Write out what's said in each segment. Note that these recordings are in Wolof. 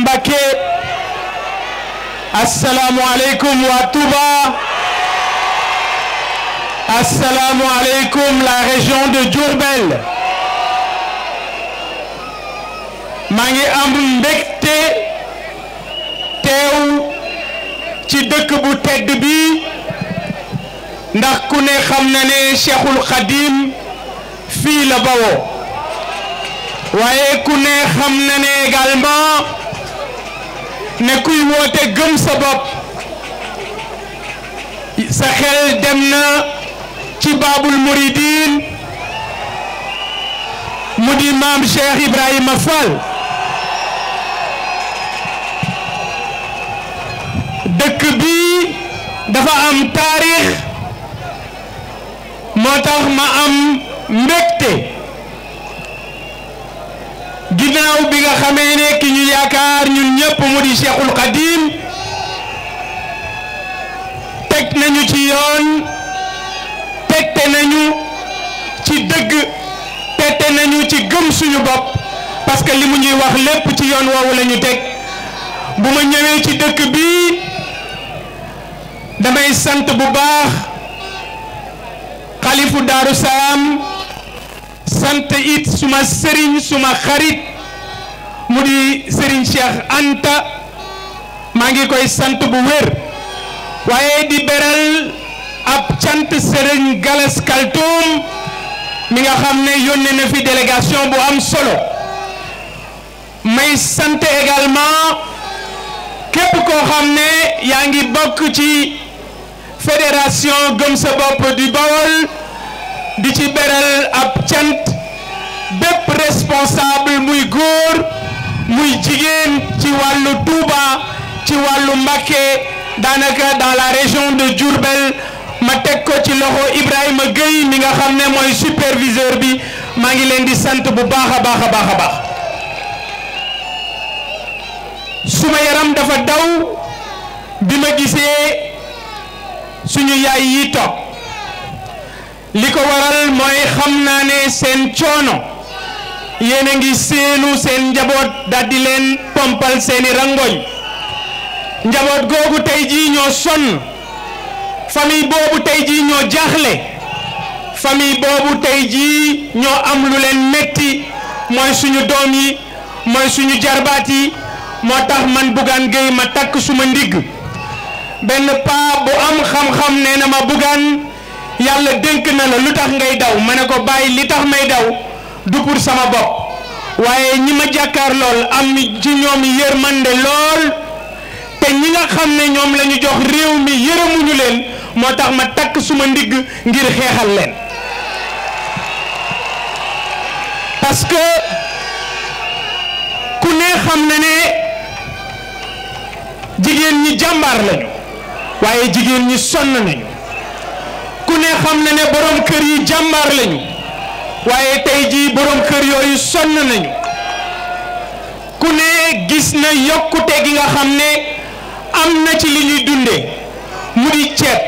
Mbacké asalaamualeykum waa la région de Diourbel maa ngi am mbégte teew ci dëkk bu tedd bi ndax ku ne xam na ne Cheikhul Khadim fii la bawoo waaye ku xam na également ne kuy woote gëm sa bopp sa xel dem na ci baabul muridin mu di maam Cheikh Ibrahima Fall dëkk bi dafa am taarix moo tax ma am mbégte ginnaaw bi nga xamee ne ki ñu yaakaar ñun ñëpp mu di Cheikhul Khadim teg nañu ci yoon tegte nañu ci dëgg tegte nañu ci gëm suñu bopp parce que li mu ñuy wax lépp ci yoon woowu la ñu teg bu ma ñëwee ci dëkk bi damay sant bu baax xalifu Daaru Salaam sant it suma sëriñ suma xarit mu di Serigne Cheikh Anta maa ngi koy sant bu wér waaye di beral ab cant Serigne Galas mi nga xam ne yónnee na fi délégation bu am solo may sant également képp koo xam ne yaa ngi bokk ci fédération gëm sa bopp du Bawol di ci beral ab cant bépp responsable muy góor muy jigéen ci wàllu Touba ci wàllu Mbacké daanaka dans la région de Diourbel ma teg ko ci loxo Ibrahima Gueye mi nga xam ne mooy superviseur bi maa ngi leen di sant bu baax a baax a baax a baax suma yaram dafa daw bi ma gisee suñu yaay yi toog li ko waral mooy xam naa ne seen coono yéen a ngi seenu seen njaboot daal di leen pompal seeni rangoñ njaboot googu tey jii ñoo sonn famille boobu tey jii ñoo jaaxle famille boobu tey jii ñoo am lu leen metti mooy suñu doom yi mooy suñu jarbaat yi moo tax man Bougane Gueye ma takk suma ndigg benn paa bu am xam-xam nee na ma Bougane yàlla dénk na la lu tax ngay daw ma ne ko bàyyi li tax may daw du pour sama bopp waaye ñi ma jàkkaar lool am ci ñoom yërmande lool te ñi nga xam ne ñoom la ñu jox réew mi yërëmuñu leen moo tax ma takk suma ndigg ngir xeexal leen parce que ku ne xam na ne jigéen ñi jàmbaar lañu waaye jigéen ñi sonn nañu ku ne xam na ne borom kër yi jàmbaar lañu waaye tey jii boroom kër yooyu sonn nañu ku ne gis na yokkute gi nga xam ne am na ci li ñuy dunde mu di ceeb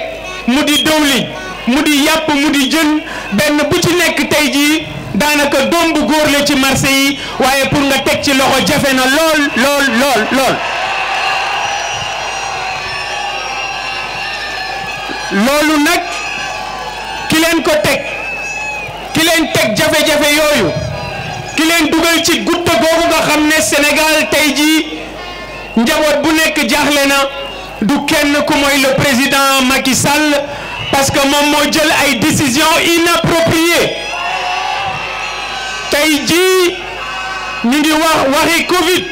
mu di dëwlin mu di yàpp mu di jën benn bu ci nekk tey jii daanaka doom bu ci marché yi waaye pour nga teg ci loxo jafe na lool lool lool lool loolu nag ki leen ko teg ki leen teg jafe-jafe yooyu ki leen dugal ci gutta googu nga xam ne Sénégal tey jii njaboot bu nekk jaaxle na du kenn ku mooy le président Macky parce que moom moo jël ay décisions inappropriées tey jii ñu ngi wax waxi Covid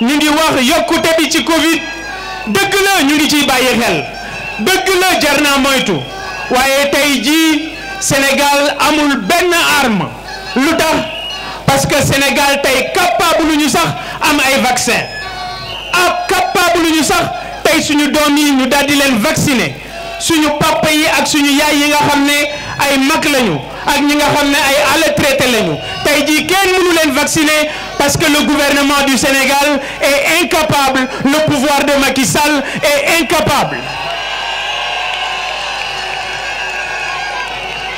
ñu ngi wax yokkute bi ci Covid dëgg la ñu ngi ciy bàyyi xel dëgg la jar naa moytu waaye tey jii. Sénégal amul benn arme lu tax parce que Sénégal tey capable ñu sax am ay vaccin ak capable ñu sax tey suñu doom yi ñu daal di leen vacciner suñu papa yi ak suñu yaay yi nga xam ne ay mag lañu ak ñi nga xam ne ay allaités lañu tey jii kenn mënu leen vacciner parce que le gouvernement du Sénégal est incapable le pouvoir de Macky Sall est incapable.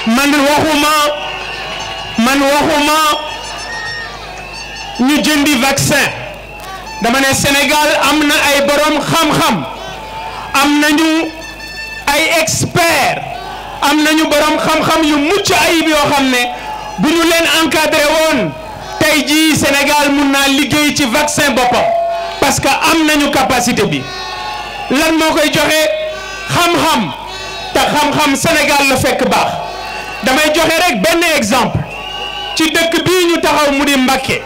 man waxuma man waxuma ñu jëndi vaccin dama ne Sénégal am na ay borom xam-xam am nañu ay expert am nañu borom xam-xam yu mucc ayib yoo xam ne bu ñu leen encadré woon tey jii Sénégal mun naa liggéey ci vaccin boppam parce que am nañu capacité bi lan moo koy joxe xam-xam te xam-xam Sénégal la fekk baax. damay joxe rek benn exemple ci dëkk bii ñu taxaw mu di Mbacké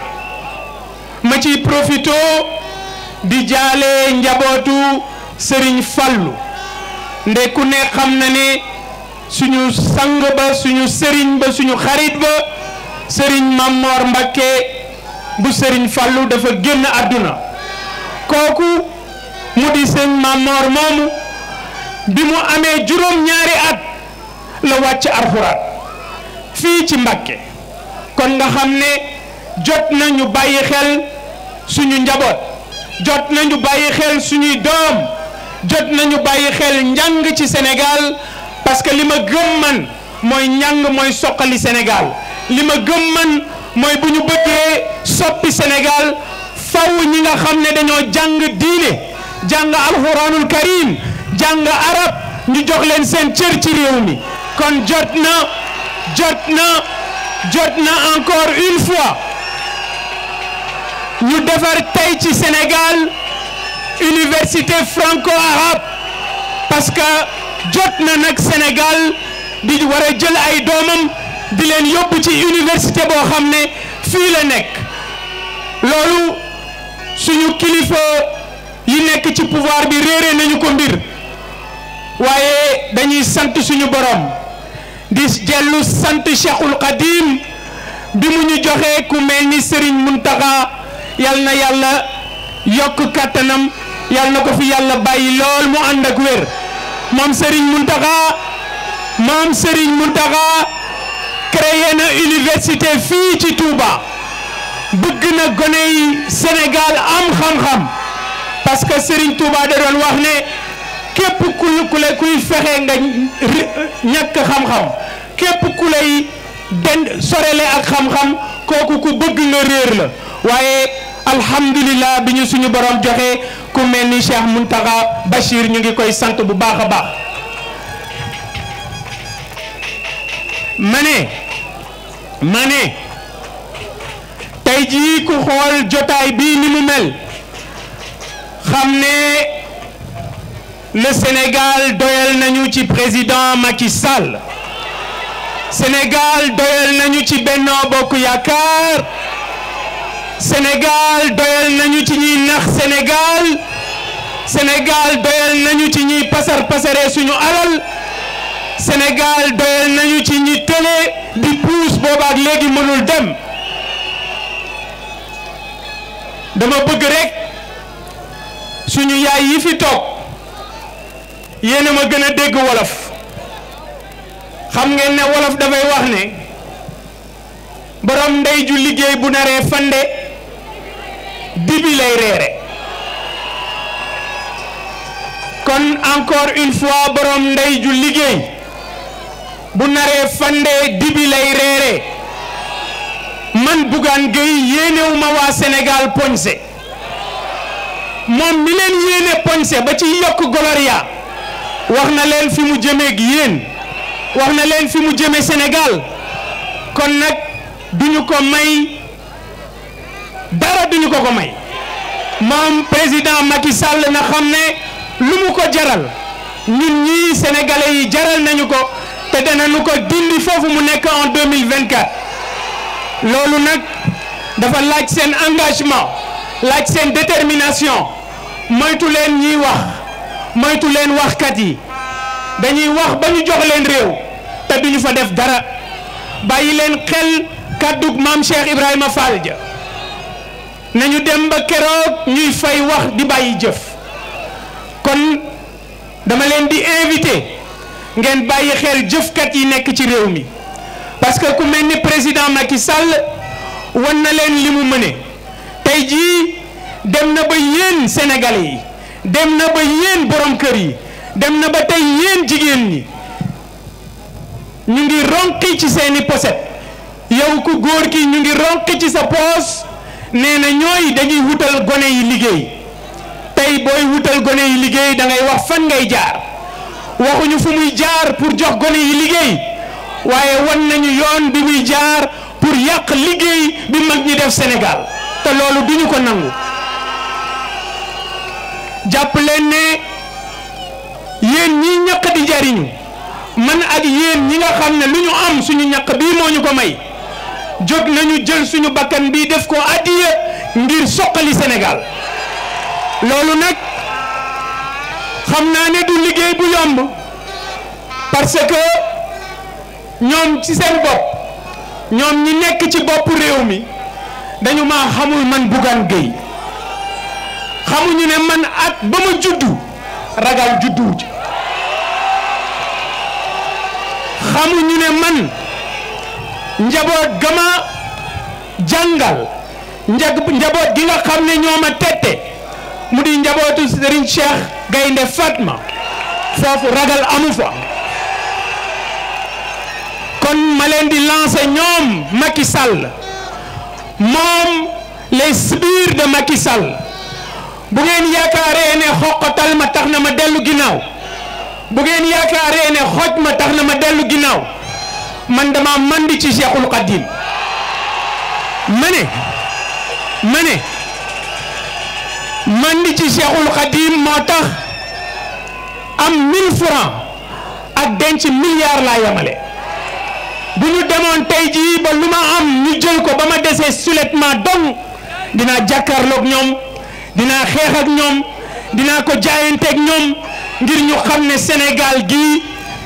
ma ci profito di jaale njabootu sëriñ Fallou nde ku ne xam na ne suñu sang ba suñu Serigne ba suñu xarit ba Serigne Mamor Mbacké bu sëriñ Fallou dafa génn àdduna kooku mu di sëñ Mamor moomu bi mu amee juróom ñaari at la wàcc alxuraan fii ci Mbàkke kon nga xam ne jot na ñu bàyyi xel suñu njaboot jot na ñu bàyyi xel suñuy doom jot na ñu bàyyi njàng ci Sénégal parce que li ma gëm man mooy njàng mooy soqali Sénégal li ma gëm man mooy bu ñu bëggee soppi Sénégal faw ñi nga xam ne dañoo jàng diine jàng alxuraanul karim jàng arab ñu jox leen seen cër ci réew mi kon jot na jot na jot na encore une fois ñu defar tey ci Sénégal université franco-arabe parce que jot na nag Sénégal di war jël ay doomam di leen yóbbu ci université boo xam ne fii la nekk loolu suñu kilifa yi nekk ci pouvoir bi réere nañu ko mbir waaye dañuy sant suñu borom. di jellu sant Cheikhul Qadim bi mu ñu joxee ku mel ni Serigne Mountakha yal na yàlla yokk kattanam yal na ko fi yàlla bàyyi lool mu ànd ak wér moom Serigne Mountakha moom Serigne Mountakha créé na université fii ci Touba bëgg na gone Sénégal am xam-xam parce que Serigne da doon wax ne képp ku lukkule kuy fexe nga ñàkk xam-xam. képp ku lay den sorele ak xam-xam kooku ku bëgg nga réer la waaye alhamdulilah bi ñu suñu borom joxe ku mel ni Cheikh Mountakha Bachir ñu ngi koy sant bu baax a baax ma ne ma ne tey jii ku xool jotaay bii ni mu mel xam ne le Sénégal doyal nañu ci président Macky Sall senegaal doyal nañu ci benn Bokk Yaakaar Sénégal doyal nañu ci ñuy nax Sénégal senegaal doyal nañu ci ñuy pasar pasare suñu aral Sénégal doyal nañu ci ñi télé di puus boobaak léegi mënul dem dama bëgg rekk suñu yaay yi fi toog yéena ma gën a dégg wolof xam ngeen ne wolof dafay wax ne borom ndey ju liggéey bu naree fande dibi lay reere kon encore une fois borom ndey ju liggéey bu naree fande dibi lay reere man Bougane Gueye yéenewuma waa Sénégal poñse moom mi leen yéene poñse ba ci yokk gloria wax na leen fi mu jëmeeg yéen wax na leen fi mu jëme Sénégal kon nag ñu ko may dara duñu ko ko may moom président Macky Sall na xam ne lu mu ko jaral ñun ñi sénégalais yi jaral nañu ko te danañu ko dindi foofu mu nekk en 2024 loolu nag dafa laaj seen engagement laaj seen détermination moytu leen ñiy wax moytu leen waxkat yi dañuy wax ba ñu jox réew te duñu fa def dara bàyyi leen xel kàddug maam Cheikh Ibrahima Fall ja nañu dem ba keroog ñuy fay wax di bàyyi jëf kon dama leen di invité ngeen bàyyi xel jëfkat yi nekk ci réew mi parce que ku mel ni président Macky Sall wan na leen li mu mëne tey jii dem na ba yéen sénégalais yi dem na ba yéen borom kër yi dem na ba tey yéen jigéen ñi ñu ngi ronqi ci seeni poset yow ko góor ki ñu ngi ronqi ci sa poos nee na ñooy dañuy wutal gone yi liggéey tey booy wutal gone yi liggéey dangay ngay wax fan ngay jaar waxuñu fu muy jaar pour jox gone yi liggéey waaye wan nañu yoon bi muy jaar pour yàq liggéey bi mag ñi def Sénégal te loolu duñu ko nangu jàpp leen ne yéen ñi ñaq di jariñu man ak yéen ñi nga xam ne lu ñu am suñu ñaq bii moo ñu ko may jot nañu jël suñu bakkan bii def ko addiya ngir soqali senegal loolu nag xam naa ne du liggéey bu yomb parce que ñoom ci seen bopp ñoom ñi nekk ci bopp réew mi dañu maa xamul man Bougane Gueye xamuñu ne man at ba ma juddu ragal juddu xamuñu ne man njaboot gama jàngal njaboot gi nga xam ne ñoo ma tette mu di njabootu Serigne Cheikh Gaynde Fatma foofu ragal amu fa kon ma leen di lancer ñoom Macky Sall moom les sbires de Macky bu ngeen yaakaaree ne xoqatal ma tax na ma dellu ginnaaw. bu ngeen yaakaaree ne xoj ma tax na ma dellu ginnaaw man dama di ci Cheikhul Khadim ma ne ma ne mandi ci Cheikhul Khadim moo tax am 1000 francs ak denc milliard laa yamale bu ñu demoon tey jii ba lu ma am ñu jël ko ba ma desee sulettement dong dinaa jàkkaarloog ñoom dinaa xeex ak ñoom dinaa ko jaayanteeg ñoom ngir ñu xam ne Sénégal gii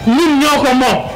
ñun ñoo ko moom